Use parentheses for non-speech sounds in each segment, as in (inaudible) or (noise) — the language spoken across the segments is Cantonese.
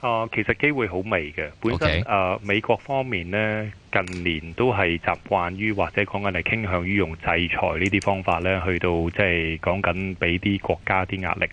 啊，其實機會好微嘅，本身、okay. 啊，美國方面呢。近年都係習慣於或者講緊係傾向於用制裁呢啲方法呢，去到即係講緊俾啲國家啲壓力。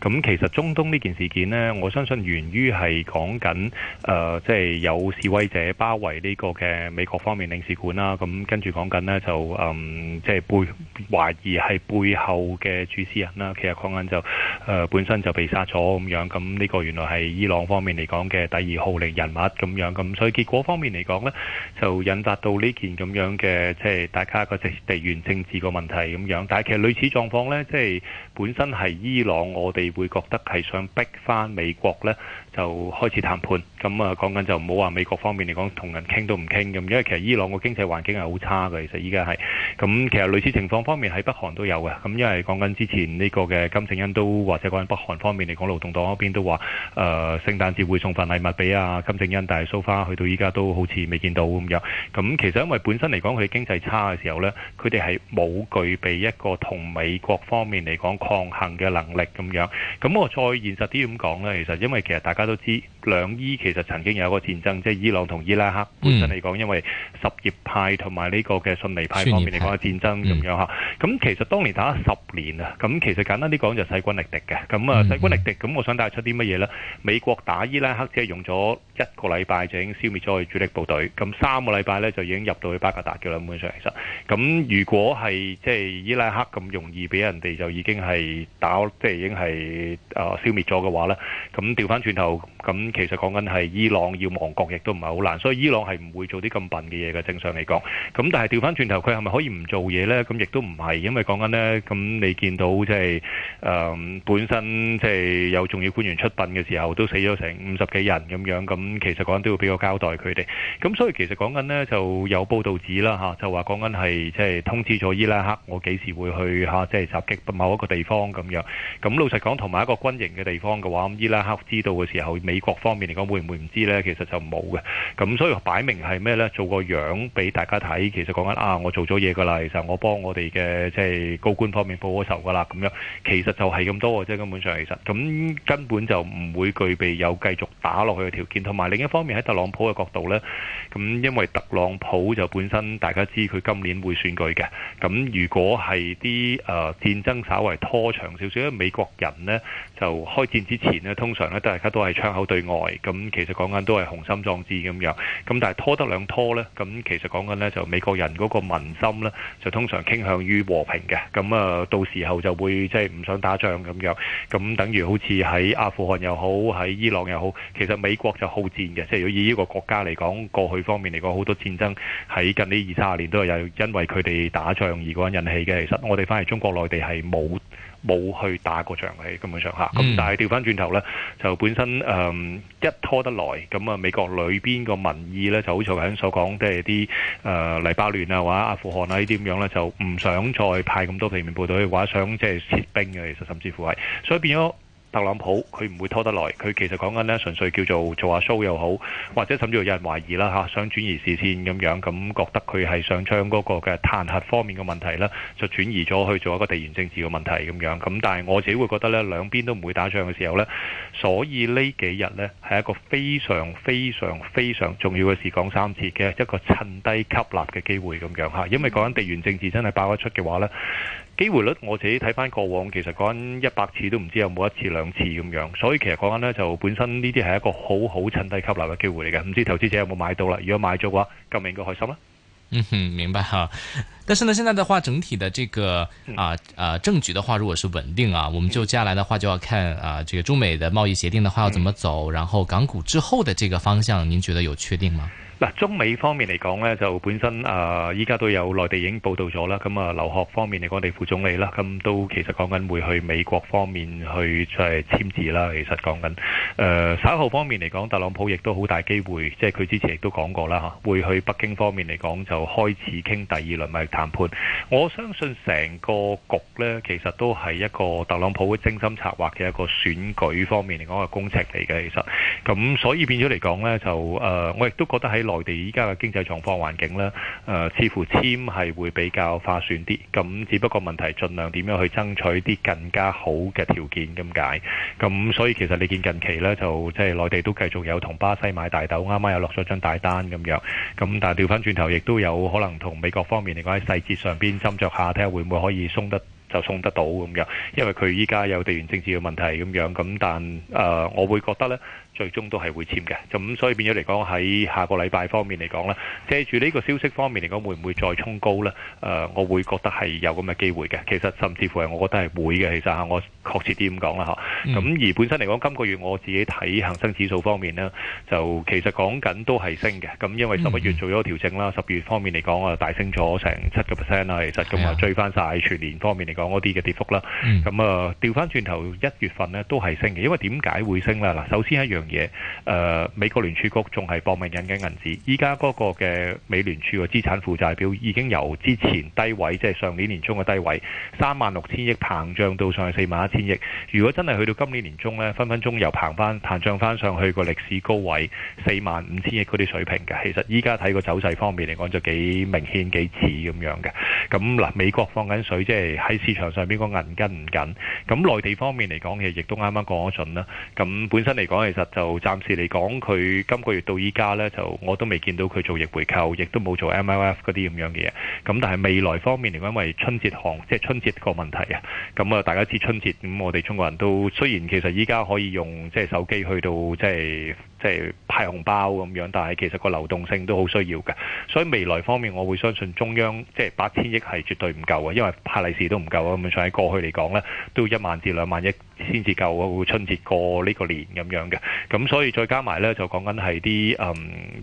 咁其實中東呢件事件呢，我相信源於係講緊誒，即係有示威者包圍呢個嘅美國方面領事館啦。咁跟住講緊呢，就嗯即係背懷疑係背後嘅主事人啦。其實講緊就誒、呃、本身就被殺咗咁樣。咁呢個原來係伊朗方面嚟講嘅第二號力人物咁樣。咁所以結果方面嚟講呢。就引發到呢件咁樣嘅，即係大家個地緣政治個問題咁樣。但係其實類似狀況呢，即係。本身係伊朗，我哋會覺得係想逼翻美國呢，就開始談判。咁啊，講緊就唔好話美國方面嚟講，同人傾都唔傾咁。因為其實伊朗個經濟環境係好差嘅，其實依家係。咁其實類似情況方面喺北韓都有嘅。咁因為講緊之前呢個嘅金正恩都或者講緊北韓方面嚟講，勞動黨嗰邊都話誒、呃、聖誕節會送份禮物俾啊金正恩，但係蘇花去到依家都好似未見到咁樣。咁其實因為本身嚟講佢經濟差嘅時候呢，佢哋係冇具備一個同美國方面嚟講。抗衡嘅能力咁樣。咁我再現實啲咁講咧，其實因為其實大家都知兩伊其實曾經有個戰爭，即係伊朗同伊拉克本身嚟講，因為什葉派同埋呢個嘅遜尼派方面嚟講嘅戰爭咁樣嚇。咁其實當年打咗十年啊，咁其實簡單啲講就勢均力敵嘅，咁啊勢均力敵，咁我想帶出啲乜嘢咧？美國打伊拉克只係用咗一個禮拜就已經消滅咗佢主力部隊，咁三個禮拜咧就已經入到去巴格達嘅啦。基本上，其實咁如果係即係伊拉克咁容易俾人哋就已經係。係打即係已經係啊消滅咗嘅話咧，咁調翻轉頭，咁其實講緊係伊朗要亡國亦都唔係好難，所以伊朗係唔會做啲咁笨嘅嘢嘅，正常嚟講。咁但係調翻轉頭，佢係咪可以唔做嘢咧？咁亦都唔係，因為講緊咧，咁你見到即係誒本身即係有重要官員出殯嘅時候，都死咗成五十幾人咁樣，咁其實講緊都要俾個交代佢哋。咁所以其實講緊咧就有報道指啦吓，就話講緊係即係通知咗伊拉克，我幾時會去吓即係襲擊某一個地。地方咁樣，咁老實講，同埋一個軍營嘅地方嘅話，咁伊拉克知道嘅時候，美國方面嚟講會唔會唔知呢？其實就冇嘅，咁所以擺明係咩呢？做個樣俾大家睇，其實講緊啊，我做咗嘢噶啦，其實我幫我哋嘅即係高官方面報個仇噶啦，咁樣其實就係咁多嘅，即係根本上其實咁根本就唔會具備有繼續打落去嘅條件。同埋另一方面喺特朗普嘅角度呢，咁因為特朗普就本身大家知佢今年會選舉嘅，咁如果係啲誒戰爭稍為。拖長少少，因為美國人呢。就開戰之前呢，通常呢大家都係槍口對外，咁其實講緊都係雄心壯志咁樣。咁但係拖得兩拖呢，咁其實講緊呢，就美國人嗰個民心呢，就通常傾向於和平嘅。咁啊，到時候就會即係唔想打仗咁樣。咁等於好似喺阿富汗又好，喺伊朗又好，其實美國就好戰嘅。即係如果以呢個國家嚟講，過去方面嚟講，好多戰爭喺近呢二三十年都係因為佢哋打仗而講引起嘅。其實我哋翻嚟中國內地係冇。冇去打過仗嘅，根本上嚇。咁但係調翻轉頭呢，就本身誒、嗯、一拖得來，咁啊美國裏邊個民意呢，就好似頭先所講，即係啲誒黎巴嫩啊，或者阿富汗啊呢啲咁樣呢，就唔想再派咁多地面部隊，或者想即係撤兵嘅。其實甚至乎係，所以變咗。特朗普佢唔會拖得耐，佢其實講緊咧純粹叫做做下 show 又好，或者甚至有人懷疑啦吓、啊、想轉移視線咁樣，咁、啊、覺得佢係想將嗰個嘅彈劾方面嘅問題啦，就轉移咗去做一個地緣政治嘅問題咁樣，咁、啊、但係我自己會覺得咧，兩邊都唔會打仗嘅時候咧，所以幾呢幾日咧係一個非常非常非常重要嘅事，講三次嘅一個趁低吸納嘅機會咁樣吓、啊，因為講緊地緣政治真係爆一出嘅話咧。機會率我自己睇翻過往，其實講緊一百次都唔知有冇一次兩次咁樣，所以其實講緊呢，就本身呢啲係一個好好趁低吸納嘅機會嚟嘅，唔知投資者有冇買到啦？如果買咗嘅話，咁咪應該開心啦。嗯哼，明白。但是呢，現在的話，整體的這個啊啊政局的話，如果是穩定啊，我們就接下來的話就要看啊，呃，這個中美的貿易協定的話要怎麼走，然後港股之後的這個方向，您覺得有確定嗎？嗱，中美方面嚟講呢，就本身誒，依、呃、家都有內地已經報道咗啦。咁、嗯、啊，劉鶴方面嚟講，我哋副總理啦，咁、嗯、都其實講緊會去美國方面去再簽字啦。其實講緊、呃、稍後方面嚟講，特朗普亦都好大機會，即係佢之前亦都講過啦、啊、會去北京方面嚟講就開始傾第二輪貿易談判。我相信成個局呢，其實都係一個特朗普嘅精心策劃嘅一個選舉方面嚟講嘅工程嚟嘅。其實咁、嗯、所以變咗嚟講呢，就誒、呃，我亦都覺得喺內地依家嘅經濟狀況環境呢，誒、呃、似乎簽係會比較划算啲，咁只不過問題盡量點樣去爭取啲更加好嘅條件咁解，咁所以其實你見近期呢，就即係內地都繼續有同巴西買大豆，啱啱又落咗張大單咁樣，咁但係調翻轉頭亦都有可能同美國方面嚟講喺細節上邊斟酌下，睇下會唔會可以鬆得就鬆得到咁樣，因為佢依家有地緣政治嘅問題咁樣，咁但誒、呃、我會覺得呢。最終都係會簽嘅，咁所以變咗嚟講喺下個禮拜方面嚟講呢，借住呢個消息方面嚟講，會唔會再衝高呢？誒，我會覺得係有咁嘅機會嘅。其實甚至乎係我覺得係會嘅，其實吓我確切啲咁講啦嚇。咁而本身嚟講，今個月我自己睇恆生指數方面呢，就其實講緊都係升嘅。咁因為十一月做咗調整啦，十二月方面嚟講啊，大升咗成七個 percent 啦，其實咁啊追翻曬全年方面嚟講嗰啲嘅跌幅啦。咁啊調翻轉頭一月份呢都係升嘅，因為點解會升呢？嗱，首先一樣。嘢、嗯，美國聯儲局仲係搏命印緊銀紙，依家嗰個嘅美聯儲個資產負債表已經由之前低位，即係上年年中嘅低位三萬六千億膨脹到上去四萬一千億。如果真係去到今年年中呢，分分鐘又膨翻膨脹翻上去個歷史高位四萬五千億嗰啲水平嘅。其實依家睇個走勢方面嚟講就，就幾明顯幾似咁樣嘅。咁嗱，美國放緊水，即係喺市場上邊個銀根唔緊。咁內地方面嚟講，其實亦都啱啱過咗盡啦。咁本身嚟講，其實就暫時嚟講，佢今個月到依家呢，就我都未見到佢做逆回購，亦都冇做 MLF 嗰啲咁樣嘅嘢。咁但係未來方面，因為春節行，即係春節個問題啊。咁啊，大家知春節，咁我哋中國人都雖然其實依家可以用即係手機去到即係。即係派紅包咁樣，但係其實個流動性都好需要嘅。所以未來方面，我會相信中央即係八千億係絕對唔夠嘅，因為派利是都唔夠啊。咁上喺過去嚟講咧，都要一萬至兩萬億先至夠啊。會春節過呢個年咁樣嘅。咁所以再加埋咧，就講緊係啲嗯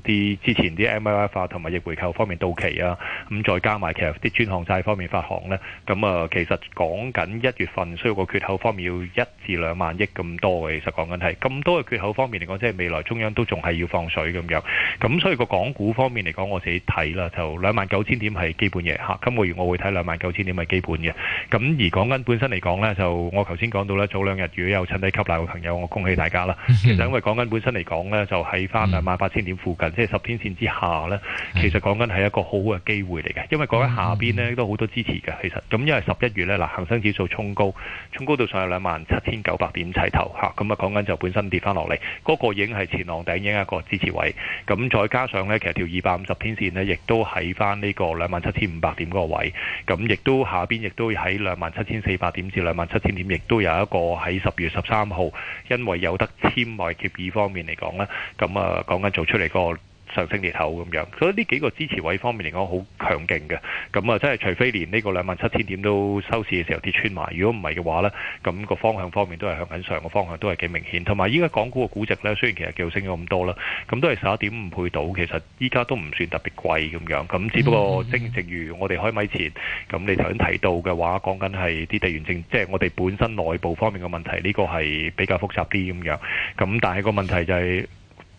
啲之前啲 MLF 同埋逆回購方面到期啊。咁再加埋其實啲專項債方面發行咧，咁啊其實講緊一月份需要個缺口方面要一至兩萬億咁多嘅。其實講緊係咁多嘅缺口方面嚟講，即係未來。中央都仲係要放水咁樣，咁所以個港股方面嚟講，我自己睇啦，就兩萬九千點係基本嘅吓。今個月我會睇兩萬九千點係基本嘅。咁而講緊本身嚟講咧，就我頭先講到咧，早兩日如果有趁低吸納嘅朋友，我恭喜大家啦。其實因為講緊本身嚟講咧，就喺翻兩萬八千點附近，即係十天線之下咧，其實講緊係一個好好嘅機會嚟嘅。因為講緊下邊咧都好多支持嘅，其實咁因為十一月咧嗱，恆生指數衝高，衝高到上去兩萬七千九百點齊頭嚇，咁啊講緊就本身跌翻落嚟嗰個已經係。前浪頂已一個支持位，咁再加上呢，其實條二百五十天線呢亦都喺翻呢個兩萬七千五百點嗰個位，咁亦都下邊亦都喺兩萬七千四百點至兩萬七千點，亦都有一個喺十月十三號，因為有得簽外協議方面嚟講咧，咁啊講緊做出嚟個。上升裂口咁樣，所以呢幾個支持位方面嚟講好強勁嘅，咁啊即係除非連呢個兩萬七千點都收市嘅時候跌穿埋，如果唔係嘅話呢，咁個方向方面都係向緊上個方向都係幾明顯。同埋依家港股嘅估值呢，雖然其實叫升咗咁多啦，咁都係十一點五倍到，其實依家都唔算特別貴咁樣。咁只不過正正如我哋開米前咁，你頭先提到嘅話，講緊係啲地緣政，即係我哋本身內部方面嘅問題，呢個係比較複雜啲咁樣。咁但係個問題就係。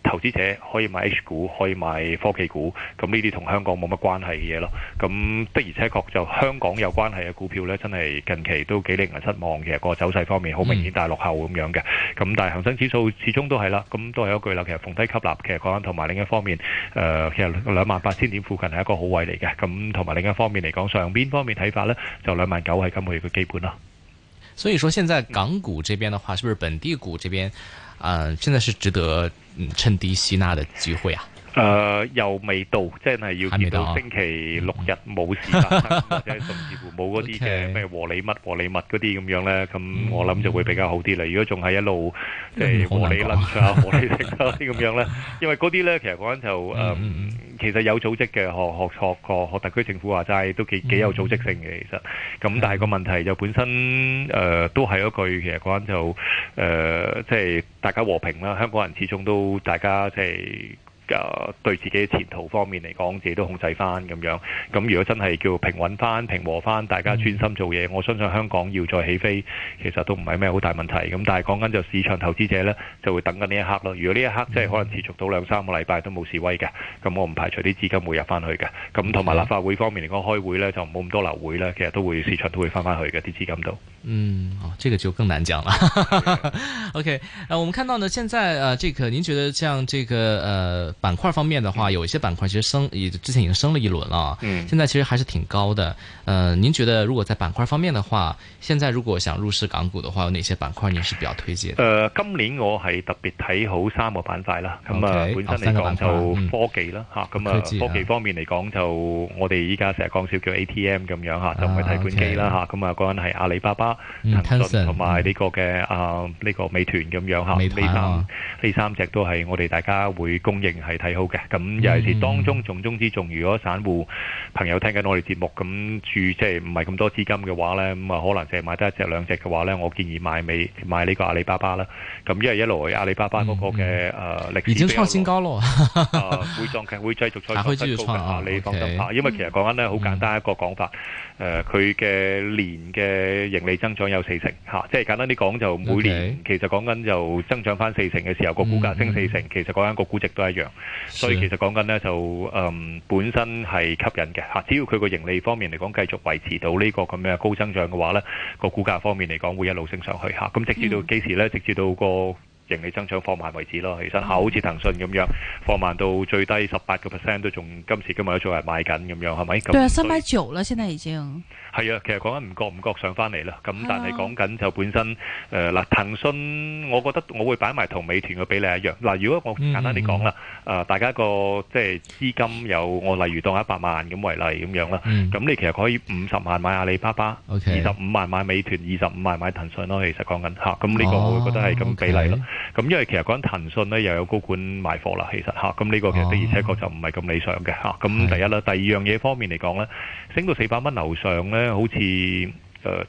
投資者可以買 H 股，可以買科技股，咁呢啲同香港冇乜關係嘅嘢咯。咁的而且確就香港有關係嘅股票呢，真係近期都幾令人失望，嘅。其實個走勢方面好明顯大，大落後咁樣嘅。咁但係恒生指數始終都係啦，咁都係一句啦。其實逢低吸納，其實講緊同埋另一方面，誒、呃，其實兩萬八千點附近係一個好位嚟嘅。咁同埋另一方面嚟講，上邊方面睇法呢，就兩萬九係今個月嘅基本啦。所以，說現在港股這邊的話，是不是本地股這邊？嗯、呃，現在是值得嗯趁低吸納的機會啊。誒，又未到，即係要見到星期六日冇事發生，即係甚至乎冇嗰啲嘅咩和你乜和你物嗰啲咁樣咧，咁我諗就會比較好啲啦。如果仲係一路即係和你捻啊和你食啊啲咁樣咧，因為嗰啲咧其實講緊就誒，其實有組織嘅學學學學學特區政府話齋都幾幾有組織性嘅，其實。咁但係個問題就本身誒，都係一句其實講緊就誒，即係大家和平啦。香港人始終都大家即係。呃、對自己前途方面嚟講，自己都控制翻咁樣。咁如果真係叫平穩翻、平和翻，大家專心做嘢，我相信香港要再起飛，其實都唔係咩好大問題。咁但係講緊就市場投資者呢，就會等緊呢一刻咯。如果呢一刻即係可能持續到兩三個禮拜都冇示威嘅，咁我唔排除啲資金會入翻去嘅。咁同埋立法會方面嚟講，開會呢就冇咁多流會啦，其實都會市場都會翻返去嘅，啲資金度。嗯，哦，這個就更難講了，哈哈哈。OK，啊，我們看到呢，現在啊、呃，這個，您覺得像這個，呃，板塊方面的話，嗯、有一些板塊其實升，也之前已經升了一輪啦。嗯。現在其實還是挺高的。嗯、呃。您覺得如果在板塊方面的話，現在如果想入市港股的話，有哪些板塊您是比較推薦？誒、呃，今年我係特別睇好三個板塊啦。咁、okay, 啊、嗯，本身嚟講就科技啦，吓、嗯啊。咁啊，科技方面嚟講就，我哋依家成日講笑叫 ATM 咁樣吓，就唔係提款機啦吓。咁啊，嗰陣係阿里巴巴。騰訊同埋呢個嘅啊，呢個美團咁樣吓，呢三呢三隻都係我哋大家會公認係睇好嘅。咁尤其是當中重中之重，如果散戶朋友聽緊我哋節目咁住即係唔係咁多資金嘅話咧，咁啊可能淨係買得一隻兩隻嘅話咧，我建議買美買呢個阿里巴巴啦。咁因為一來阿里巴巴嗰個嘅誒歷史已經創新高咯，誒會繼續會繼續創新高嘅，吓，你放心吓。因為其實講緊咧好簡單一個講法，誒佢嘅年嘅盈利。增長有四成，即係簡單啲講就每年、okay. 其實講緊就增長翻四成嘅時候，個股價升四成，嗯、其實講緊個估值都一樣。所以其實講緊呢就誒、是嗯、本身係吸引嘅，只要佢個盈利方面嚟講，繼續維持到呢個咁樣高增長嘅話，呢個股價方面嚟講會一路升上去。咁直至到幾時呢？直至到個，嗯盈利增長放慢為止咯，其實嚇，好似騰訊咁樣放慢到最低十八個 percent 都仲今時今日有做人買緊咁樣，係咪？對啊，三百九啦，先係已經。係啊，其實講緊唔覺唔覺上翻嚟啦。咁但係講緊就本身誒嗱，騰訊我覺得我會擺埋同美團嘅比例一樣。嗱，如果我簡單啲講啦，誒大家個即係資金有我例如當一百萬咁為例咁樣啦，咁你其實可以五十萬買阿里巴巴，二十五萬買美團，二十五萬買騰訊咯。其實講緊嚇，咁呢個我會覺得係咁比例咯。咁因為其實講緊騰訊咧又有高管賣貨啦，其實嚇，咁呢個其實的而且確就唔係咁理想嘅嚇咁、oh. 啊、第一啦，第二樣嘢方面嚟講咧，升到四百蚊樓上咧，好似。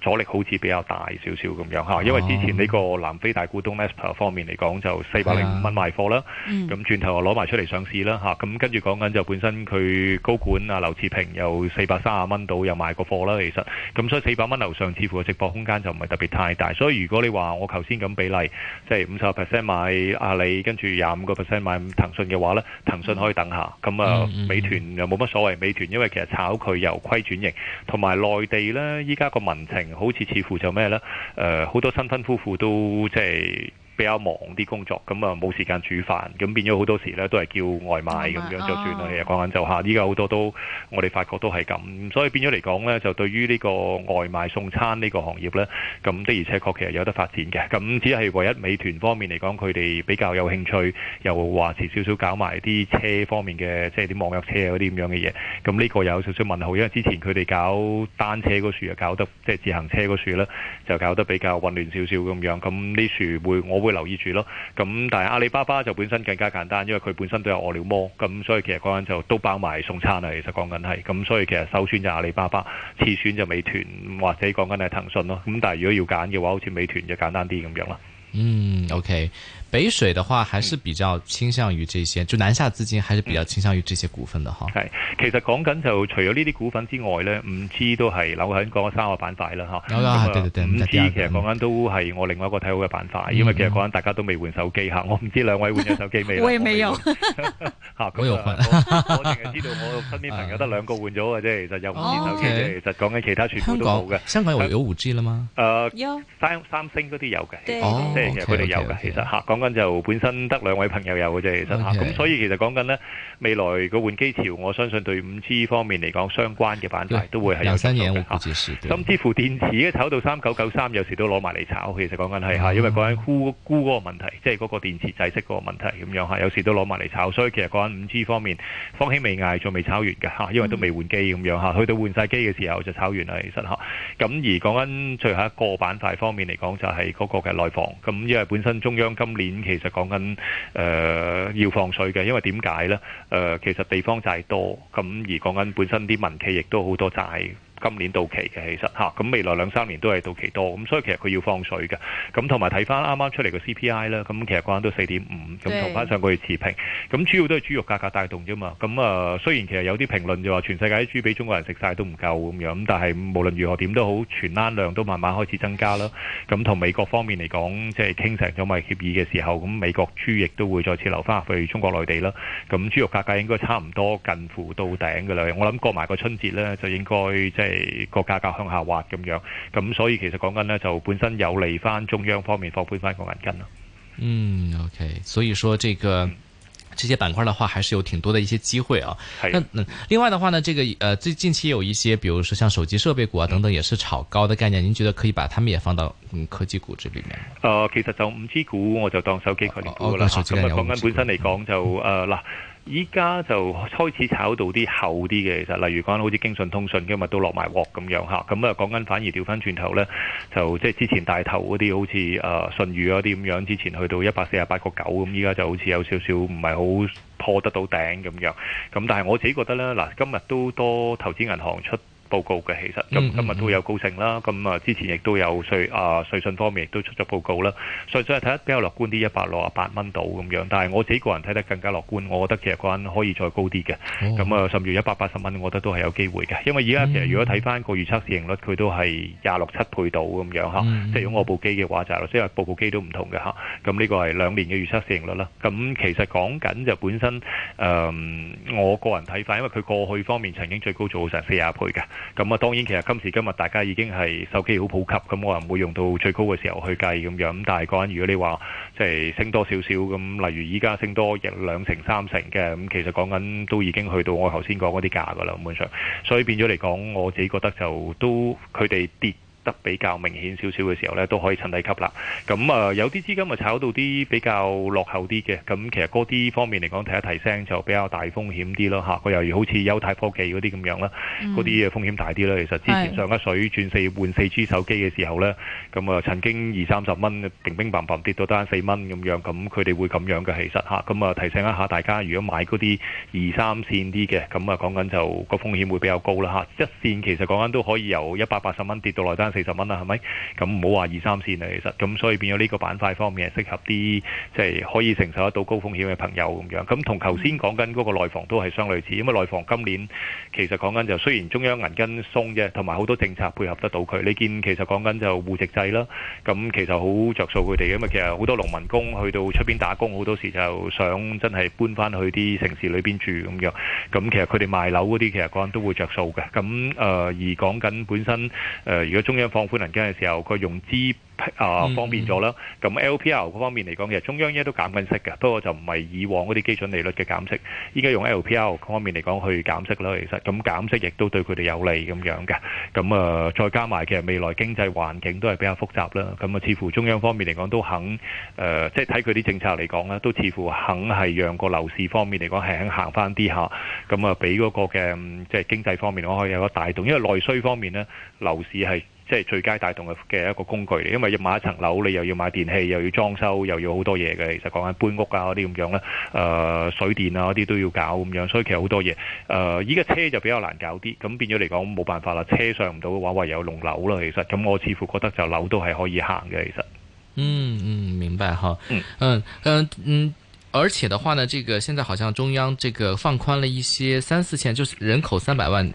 阻力好似比較大少少咁樣，因為之前呢個南非大股東 Naspers 方面嚟講就四百零五蚊賣貨啦，咁、嗯、轉頭又攞埋出嚟上市啦嚇，咁跟住講緊就本身佢高管啊劉熾平又四百三十蚊到又賣個貨啦，其實咁所以四百蚊樓上似乎嘅直播空間就唔係特別太大，所以如果你話我頭先咁比例，即係五十個 percent 買阿里，跟住廿五個 percent 買騰訊嘅話呢，騰訊可以等下，咁啊美團又冇乜所謂，美團因為其實炒佢由虧轉型，同埋內地呢，依家個民。情好似似乎就咩呢？誒、呃，好多新婚夫婦都即係比較忙啲工作，咁啊冇時間煮飯，咁變咗好多時呢都係叫外賣咁樣，就算啦。講緊就下，依家好多都我哋發覺都係咁，所以變咗嚟講呢，就對於呢個外賣送餐呢個行業呢咁的而且確其實有得發展嘅。咁只係唯一，美團方面嚟講，佢哋比較有興趣，又話遲少少搞埋啲車方面嘅，即係啲網約車嗰啲咁樣嘅嘢。咁呢個有少少問號，因為之前佢哋搞單車嗰樹啊，搞得。即係自行車嗰樹咧，就搞得比較混亂少少咁樣，咁呢樹會我會留意住咯。咁但係阿里巴巴就本身更加簡單，因為佢本身都有餓了麼，咁所以其實講緊就都包埋送餐啦。其實講緊係，咁所以其實首選就阿里巴巴，次選就美團或者講緊係騰訊咯。咁但係如果要揀嘅話，好似美團就簡單啲咁樣啦。嗯，OK。北水嘅話還是比較傾向於這些、嗯，就南下資金還是比較傾向於這些股份嘅係、嗯，其實講緊就除咗呢啲股份之外咧，五 G 都係留喺嗰三個板塊啦，嗬、哦。對對對，五 G 其實講緊都係我另外一個睇好嘅板塊，因為其實講緊大家都未換手機吓，我唔知兩位換咗手機未。 (laughs) 我也沒有我沒換。好 (laughs) 沒有、 (laughs) (laughs) 啊、我淨係 (laughs) 知道我身邊朋友得兩個換咗嘅啫， (laughs) 其實有五 G、哦、手機 okay, 其實講緊其他全部都冇嘅。香港有有五 G 啦嘛？三星嗰啲有嘅，即係其實佢哋有嘅，其實吓講。講緊就本身得兩位朋友有嘅啫，其實嚇，咁所以其實講緊呢未來個換機潮，我相信對五 G 方面嚟講，相關嘅板塊都會係有新嘢嚇，甚至乎電池炒到三九九三，有時都攞埋嚟炒。其實講緊係嚇，因為講緊箍箍嗰個問題，即係嗰個電池製式嗰個問題咁樣嚇，有時都攞埋嚟炒。所以其實講緊五 G 方面，方興未艾，仲未炒完嘅嚇，因為都未換機咁樣嚇，去到換曬機嘅時候就炒完啦。其實嚇，咁而講緊最後一個板塊方面嚟講，就係嗰個嘅內房。咁因為本身中央今年咁其實講緊誒要放水嘅，因為點解咧？誒、呃，其實地方債多，咁而講緊本身啲民企亦都好多債。今年到期嘅，其實咁、啊、未來兩三年都係到期多，咁、啊、所以其實佢要放水嘅，咁同埋睇翻啱啱出嚟個 CPI 啦、啊，咁其實講緊都四點五，咁同翻上個月持平，咁、啊、主要都係豬肉價格帶動啫嘛，咁啊雖然其實有啲評論就話、是、全世界啲豬俾中國人食晒都唔夠咁樣，咁但係無論如何點都好，存欄量都慢慢開始增加啦，咁、啊、同美國方面嚟講，即係傾成咗咪協議嘅時候，咁、啊、美國豬亦都會再次留翻去中國內地啦，咁、啊、豬肉價格應該差唔多近乎到頂嘅啦，我諗過埋個春節呢，就應該即係係個價格向下滑咁樣，咁所以其實講緊呢，就本身有利翻中央方面放寬翻個銀根啦。嗯，OK，所以說這個、嗯、這些板塊的話，還是有挺多的一些機會啊。嗯、另外的話呢，這個呃最近期有一些，比如說像手機設備股啊等等，也是炒高的概念，嗯、您覺得可以把他們也放到、嗯、科技股這裏面？呃、其實就五 G 股我就當手機概念了。好啦咁講緊本身嚟講就嗱。嗯呃依家就開始炒到啲厚啲嘅，其實，例如講好似京信通訊，今日都落埋鑊咁樣吓，咁啊講緊反而調翻轉頭呢，就即係之前大頭嗰啲好似誒舜宇嗰啲咁樣，之前去到一百四十八個九，咁依家就好似有少少唔係好破得到頂咁樣。咁但係我自己覺得呢，嗱，今日都多投資銀行出報告嘅。其實，咁今日都有高升啦，咁啊之前亦都有瑞啊瑞信方面亦都出咗報告啦，瑞信係睇得比較樂觀啲，一百六十八蚊度咁樣，但係我自己個人睇得更加樂觀，我覺得其實個人可以再高啲嘅，咁啊甚至一百八十蚊，我覺得都係有機會嘅，因為而家其實如果睇翻個預測市盈率，佢都係廿六七倍度咁樣吓，即係如果我部機嘅話就係，即係部部機都唔同嘅吓，咁呢個係兩年嘅預測市盈率啦，咁其實講緊就本身誒，我個人睇法，因為佢過去方面曾經最高做到成四廿倍嘅。咁啊，當然其實今時今日大家已經係手機好普及，咁我唔會用到最高嘅時候去計咁樣。咁但係講緊如果你話即係升多少少咁，例如依家升多一兩成三成嘅，咁其實講緊都已經去到我頭先講嗰啲價㗎啦，基本上。所以變咗嚟講，我自己覺得就都佢哋跌得比較明顯少少嘅時候呢，都可以趁低吸啦。咁啊，有啲資金咪炒到啲比較落後啲嘅。咁其實嗰啲方面嚟講，提一提醒就比較大風險啲咯吓，佢又如好似優泰科技嗰啲咁樣啦，嗰啲嘅風險大啲啦。其實之前上一水轉四換四 G 手機嘅時候呢，咁啊、嗯、曾經二三十蚊，乒乒乓乓、乓、乓跌到單四蚊咁樣。咁佢哋會咁樣嘅，其實吓，咁啊、嗯、提醒一下大家，如果買嗰啲二三線啲嘅，咁啊講緊就個風險會比較高啦吓、啊，一線其實講緊都可以由一百八十蚊跌到落單。四十蚊啦，係咪？咁唔好話二三線啊，其實咁，所以變咗呢個板塊方面係適合啲即係可以承受得到高風險嘅朋友咁樣。咁同頭先講緊嗰個內房都係相類似，因為內房今年其實講緊就雖然中央銀根鬆啫，同埋好多政策配合得到佢。你見其實講緊就戶籍制啦，咁其實好着數佢哋。因為其實好多農民工去到出邊打工，好多時就想真係搬翻去啲城市裏邊住咁樣。咁其實佢哋賣樓嗰啲，其實講緊都會着數嘅。咁誒、呃，而講緊本身誒、呃，如果中放寬人間嘅時候，個融資啊方便咗啦。咁 LPR 嗰方面嚟講，其實中央依家都減緊息嘅，不過就唔係以往嗰啲基準利率嘅減息。依家用 LPR 嗰方面嚟講去減息啦。其實咁減息亦都對佢哋有利咁樣嘅。咁啊、呃，再加埋其實未來經濟環境都係比較複雜啦。咁啊，似乎中央方面嚟講都肯誒、呃，即係睇佢啲政策嚟講咧，都似乎肯係讓個樓市方面嚟講係肯行翻啲下。咁啊，俾嗰個嘅即係經濟方面我可以有一個大動，因為內需方面呢，樓市係。即係最佳帶動嘅一個工具嚟，因為要買一層樓，你又要買電器，又要裝修，又要好多嘢嘅。其實講緊搬屋啊嗰啲咁樣啦，誒、呃、水電啊嗰啲都要搞咁樣，所以其實好多嘢誒。依、呃、家車就比較難搞啲，咁變咗嚟講冇辦法啦。車上唔到嘅話，唯有弄樓啦。其實咁，我似乎覺得就樓都係可以行嘅。其實，嗯嗯，明白哈。嗯嗯嗯嗯，而且的話呢，這個現在好像中央這個放寬了一些，三四線就是人口三百萬。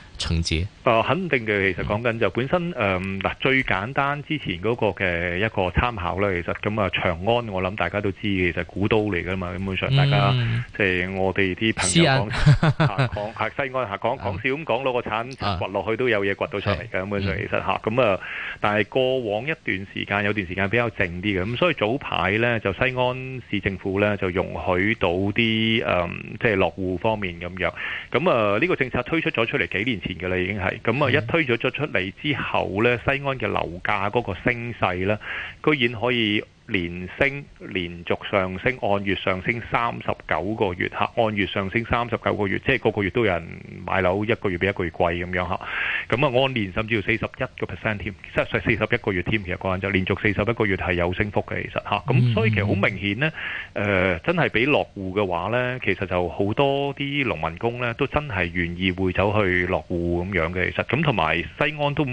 層、嗯、肯定嘅，其實講緊就本身誒嗱、嗯，最簡單之前嗰個嘅一個參考啦，其實咁啊，長安我諗大家都知其實古都嚟噶嘛，基本上大家即係、嗯、我哋啲朋友講下講下西安下 (laughs) 講講笑咁、啊、講攞個鏟掘落去都有嘢掘到出嚟嘅，基本上其實吓咁啊，但係過往一段時間有段時間比較靜啲嘅，咁所以早排呢，就西安市政府呢，就容許到啲誒、嗯、即係落戶方面咁樣，咁啊呢、呢個政策推出咗出嚟幾年前。已經係咁啊！一推咗咗出嚟之後咧，西安嘅樓價嗰個升勢咧，居然可以。連升，連續上升，按月上升三十九個月嚇，按月上升三十九個月，即係個個月都有人買樓，一個月比一個月貴咁樣嚇。咁啊，按年甚至要四十一個 percent 添，四十一個月添，其實講緊就連續四十一個月係有升幅嘅，其實嚇。咁所以其實好明顯呢，誒、呃、真係俾落戶嘅話呢，其實就好多啲農民工呢都真係願意會走去落戶咁樣嘅，其實咁同埋西安都。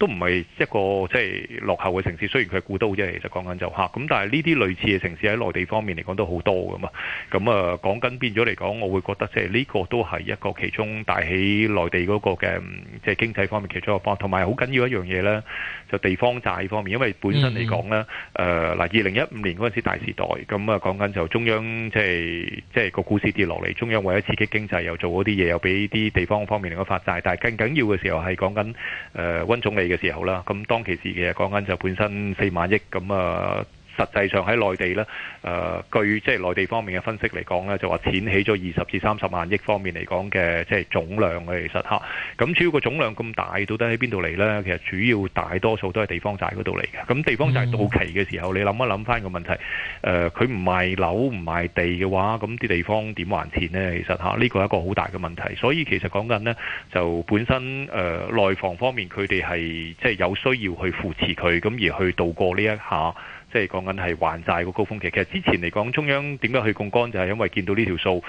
都唔係一個即係落後嘅城市，雖然佢係古都啫，其實講緊就客。咁但係呢啲類似嘅城市喺內地方面嚟講都好多㗎嘛。咁啊，講緊變咗嚟講，我會覺得即係呢個都係一個其中帶起內地嗰個嘅即係經濟方面其中一個方，同埋好緊要一樣嘢咧。就地方債方面，因為本身嚟講咧，誒嗱，二零一五年嗰陣時大時代，咁啊講緊就中央即係即係個股市跌落嚟，中央為咗刺激經濟又做嗰啲嘢，又俾啲地方方面嚟到發債，但係更緊要嘅時候係講緊誒溫總理嘅時候啦，咁當其時嘅講緊就本身四萬億咁啊。實際上喺內地呢，誒、呃、據即係內地方面嘅分析嚟講呢就話濫起咗二十至三十萬億方面嚟講嘅即係總量嘅，其實嚇。咁主要個總量咁大，到底喺邊度嚟呢？其實主要大多數都係地方債嗰度嚟嘅。咁地方債到期嘅時候，你諗一諗翻個問題，佢、呃、唔賣樓唔賣地嘅話，咁啲地方點還錢呢？其實嚇呢個係一個好大嘅問題。所以其實講緊呢，就本身誒、呃、內房方面，佢哋係即係有需要去扶持佢，咁而去度過呢一下。即係講緊係還債個高峰期，其實之前嚟講，中央點解去槓桿就係、是、因為見到呢條數。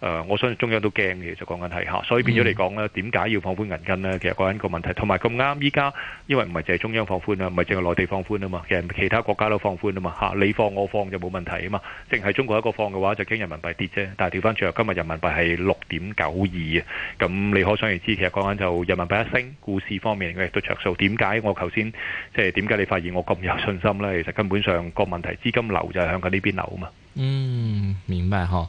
誒，我相信中央都驚嘅，就講緊係吓，所以變咗嚟講呢，點解要放寬銀根呢？其實講緊個問題，同埋咁啱，依家因為唔係淨係中央放寬啊，唔係淨係內地放寬啊嘛，其實其他國家都放寬啊嘛吓，你放我放就冇問題啊嘛，淨係中國一個放嘅話就驚人民幣跌啫，但係掉返轉，今日人民幣係六點九二啊，咁你可想而知，其實講緊就人民幣一升，股市方面嘅亦都着數。點解我頭先即係點解你發現我咁有信心呢？其實根本上個問題資金流就係向緊呢邊流啊嘛。嗯，明白吓。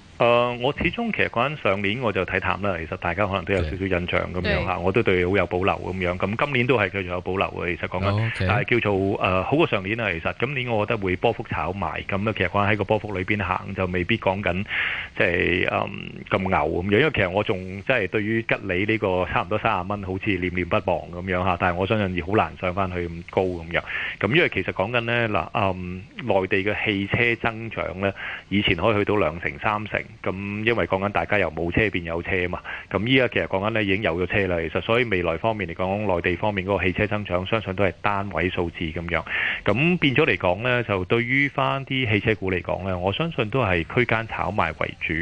誒，我始終其實講緊上年，我就睇淡啦。其實大家可能都有少少印象咁樣嚇，我都對好有保留咁樣。咁今年都係繼續有保留嘅，其實講緊，但係叫做誒好過上年啦。其實今年我覺得會波幅炒賣咁啊。其實講緊喺個波幅裏邊行，就未必講緊即係誒咁牛咁樣。因為其實我仲即係對於吉利呢個差唔多三十蚊，好似念念不忘咁樣嚇。但係我相信要好難上返去咁高咁樣。咁因為其實講緊呢嗱誒，內地嘅汽車增長呢，以前可以去到兩成三成。咁因為講緊大家又冇車，變有車啊嘛，咁依家其實講緊呢已經有咗車啦。其實，所以未來方面嚟講，內地方面嗰個汽車增長相信都係單位數字咁樣。咁變咗嚟講呢，就對於翻啲汽車股嚟講呢，我相信都係區間炒賣為主。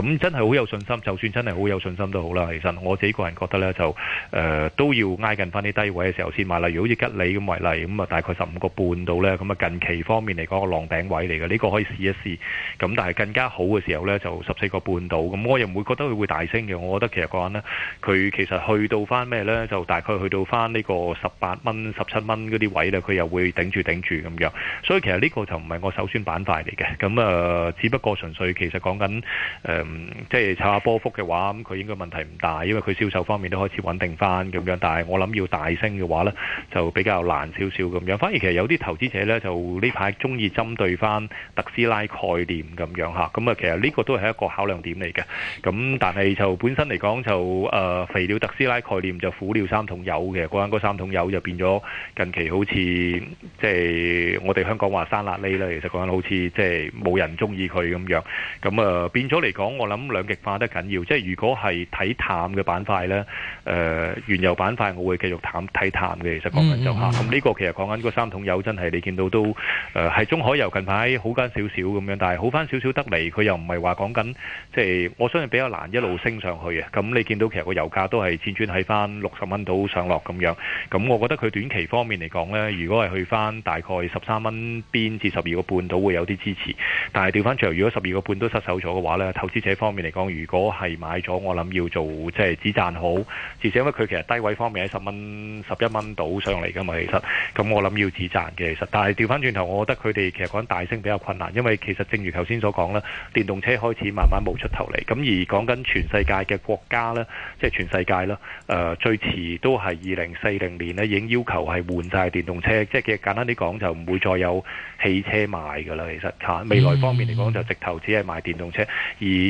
咁真係好有信心，就算真係好有信心都好啦。其實我自己個人覺得呢，就誒、呃、都要挨近翻啲低位嘅時候先買，買例如好似吉利咁為例，咁啊大概十五個半到呢，咁啊近期方面嚟講個浪頂位嚟嘅，呢、這個可以試一試。咁但係更加好嘅時候呢。就十四個半度，咁我又唔會覺得佢會大升嘅。我覺得其實講緊呢，佢其實去到翻咩呢？就大概去到翻呢個十八蚊、十七蚊嗰啲位咧，佢又會頂住頂住咁樣。所以其實呢個就唔係我首選板塊嚟嘅。咁啊、呃，只不過純粹其實講緊誒、呃，即係炒下波幅嘅話，咁佢應該問題唔大，因為佢銷售方面都開始穩定翻咁樣。但係我諗要大升嘅話呢，就比較難少少咁樣。反而其實有啲投資者呢，就呢排中意針對翻特斯拉概念咁樣嚇。咁啊，其實呢、呢個。都係一個考量點嚟嘅，咁但係就本身嚟講就誒肥了特斯拉概念就苦了三桶油嘅，講緊嗰三桶油就變咗近期好似即係我哋香港話生辣痢啦，其實講緊好似即係冇人中意佢咁樣，咁啊變咗嚟講，我諗兩極化得緊要，即係如果係睇淡嘅板塊咧，誒原油板塊，我會繼續淡睇淡嘅，其實講緊就嚇，咁呢個其實講緊嗰三桶油真係你見到都誒係中海油近排好翻少少咁樣，但係好翻少少得嚟，佢又唔係話。講緊即係我相信比較難一路升上去嘅，咁你見到其實個油價都係輾轉喺翻六十蚊到上落咁樣，咁我覺得佢短期方面嚟講呢，如果係去翻大概十三蚊邊至十二個半到會有啲支持，但係調翻轉頭，如果十二個半都失手咗嘅話呢，投資者方面嚟講，如果係買咗，我諗要做即係止賺好，至少因為佢其實低位方面喺十蚊、十一蚊到上嚟噶嘛，其實，咁我諗要止賺嘅，其實，但係調翻轉頭，我覺得佢哋其實講大升比較困難，因為其實正如頭先所講啦，電動車。開始慢慢冒出頭嚟，咁而講緊全世界嘅國家呢，即係全世界啦，誒、呃、最遲都係二零四零年呢已經要求係換晒電動車，即係簡單啲講就唔會再有汽車賣噶啦。其實未來方面嚟講就直頭只係賣電動車，mm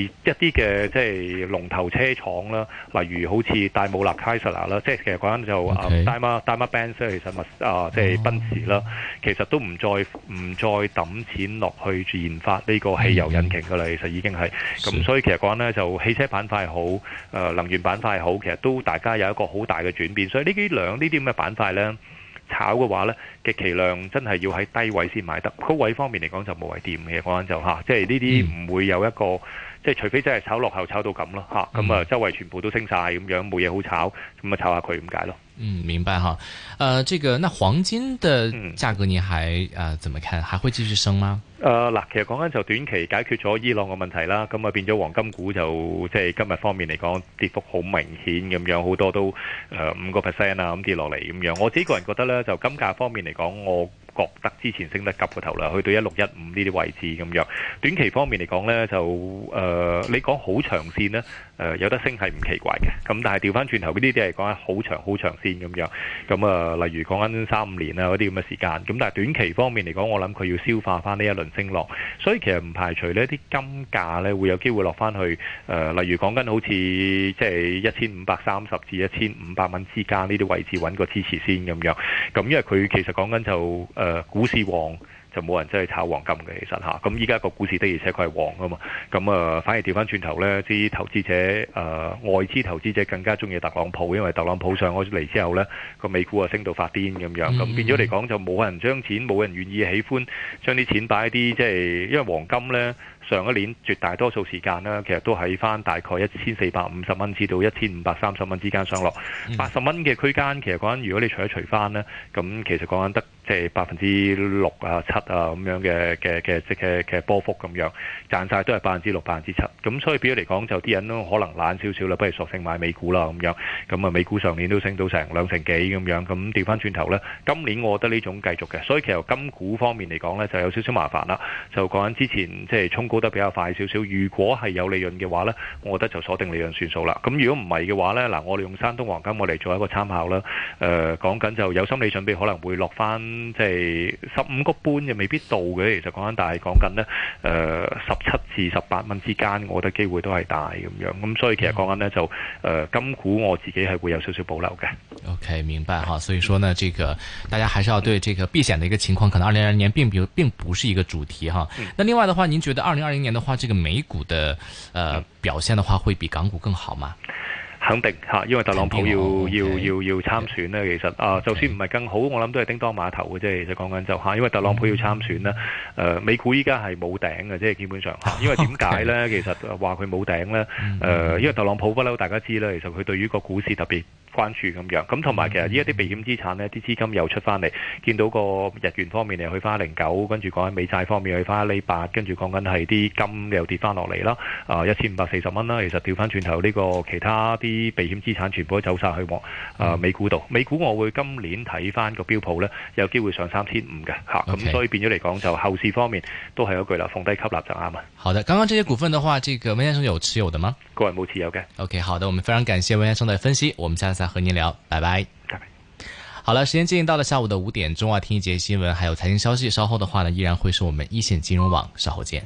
-hmm. 而一啲嘅即係龍頭車廠啦，例如好似戴姆勒、凱撒啦，即係其實講緊就是 okay. uh, Dimer, Dimer Benz, 啊戴嘛奔斯，其實物啊即係奔馳啦，其實都唔再唔再抌錢落去研發呢個汽油引擎噶啦，mm -hmm. 其實已經。係咁，所以其實講咧就汽車板塊好、呃，能源板塊好，其實都大家有一個好大嘅轉變。所以呢啲兩呢啲咁嘅板塊咧，炒嘅話咧，極其量真係要喺低位先買得。高位方面嚟講就無謂掂嘅，講緊就吓，即係呢啲唔會有一個，嗯、即係除非真係炒落後，炒到咁咯吓，咁啊、嗯嗯，周圍全部都升晒，咁樣，冇嘢好炒，咁啊炒下佢咁解咯。嗯，明白哈，呃，這個那黃金的價格，你還啊、呃、怎麼看？還會繼續升嗎？誒、嗯、嗱、呃，其實講緊就短期解決咗伊朗嘅問題啦，咁啊變咗黃金股就即係、就是、今日方面嚟講、呃啊，跌幅好明顯咁樣，好多都誒五個 percent 啊咁跌落嚟咁樣。我自己個人覺得咧，就金價方面嚟講，我。覺得之前升得急過頭啦，去到一六一五呢啲位置咁樣。短期方面嚟講呢，就誒、呃、你講好長線呢，誒、呃、有得升係唔奇怪嘅。咁但係調翻轉頭呢啲，啲係講緊好長好長線咁樣。咁啊、呃，例如講緊三五年啊，嗰啲咁嘅時間。咁但係短期方面嚟講，我諗佢要消化翻呢一輪升浪，所以其實唔排除呢啲金價呢會有機會落翻去誒、呃。例如講緊好似即係一千五百三十至一千五百蚊之間呢啲位置揾個支持先咁樣。咁因為佢其實講緊就、呃誒股市旺就冇人真係炒黃金嘅，其實嚇。咁依家個股市的而且確係旺啊嘛。咁啊，反而掉返轉頭呢，啲投資者誒外資投資者更加中意特朗普，因為特朗普上咗嚟之後呢，個美股啊升到發癲咁、嗯嗯嗯、樣。咁變咗嚟講就冇人將錢，冇人願意喜歡將啲錢擺啲即係，因為黃金呢。上一年絕大多數時間呢，其實都喺翻大概一千四百五十蚊至到一千五百三十蚊之間上落，八十蚊嘅區間，其實講緊如果你除一除翻呢，咁其實講緊得即係百分之六啊七啊咁樣嘅嘅嘅即嘅嘅波幅咁樣，賺曬都係百分之六百分之七。咁所以比較嚟講，就啲人都可能懶少少啦，不如索性買美股啦咁樣。咁啊美股上年都升到成兩成幾咁樣，咁調翻轉頭呢，今年我覺得呢種繼續嘅。所以其實金股方面嚟講呢，就有少少麻煩啦。就講緊之前即係、衝股沽得比較快少少，如果係有利潤嘅話呢，我覺得就鎖定利潤算數啦。咁如果唔係嘅話呢，嗱，我哋用山東黃金我嚟做一個參考啦。誒、呃，講緊就有心理準備，可能會落翻即係十五個半就未必到嘅。其實講緊，但係講緊呢誒，十、呃、七至十八蚊之間，我覺得機會都係大咁樣。咁所以其實講緊呢，嗯、就誒、呃，金股我自己係會有少少保留嘅。OK，明白哈。所以說呢，這個大家還是要對這個避險的一個情況，可能二零二零年並不並不是一個主題哈。那另外的話，您覺得二零二零年的話，這個美股的，呃，表現的話，會比港股更好嗎？肯定嚇，因為特朗普要要要要參選呢。其實、okay. 啊，就算唔係更好，我諗都係叮噹碼頭嘅啫。其實講緊就嚇，因為特朗普要參選咧，誒、mm -hmm. 呃，美股依家係冇頂嘅，即係基本上嚇。因為點解呢？Okay. 其實話佢冇頂呢，誒、呃，mm -hmm. 因為特朗普不嬲大家知啦，其實佢對於個股市特別關注咁樣。咁同埋其實依家啲避險資產呢，啲資金又出翻嚟，見到個日元方面又去翻零九，跟住講緊美債方面去翻一厘八，跟住講緊係啲金又跌翻落嚟啦，啊，一千五百四十蚊啦。其實調翻轉頭呢個其他啲。啲避險資產全部都走晒去往，誒、呃、美股度，美股我會今年睇返個標普呢，有機會上三千五嘅吓，咁、啊 okay. 所以變咗嚟講就後市方面都係嗰句啦，放低吸納就啱啊！好的，剛剛這些股份的話，這個溫先生有持有的嗎？個人冇持有嘅。OK，好的，我們非常感謝溫先生嘅分析，我們下次再和你聊，拜拜。Bye-bye. 好了，時間進行到了下午的五點鐘啊，聽一節新聞，還有財經消息，稍後的話呢，依然會是我們一線金融網，稍後見。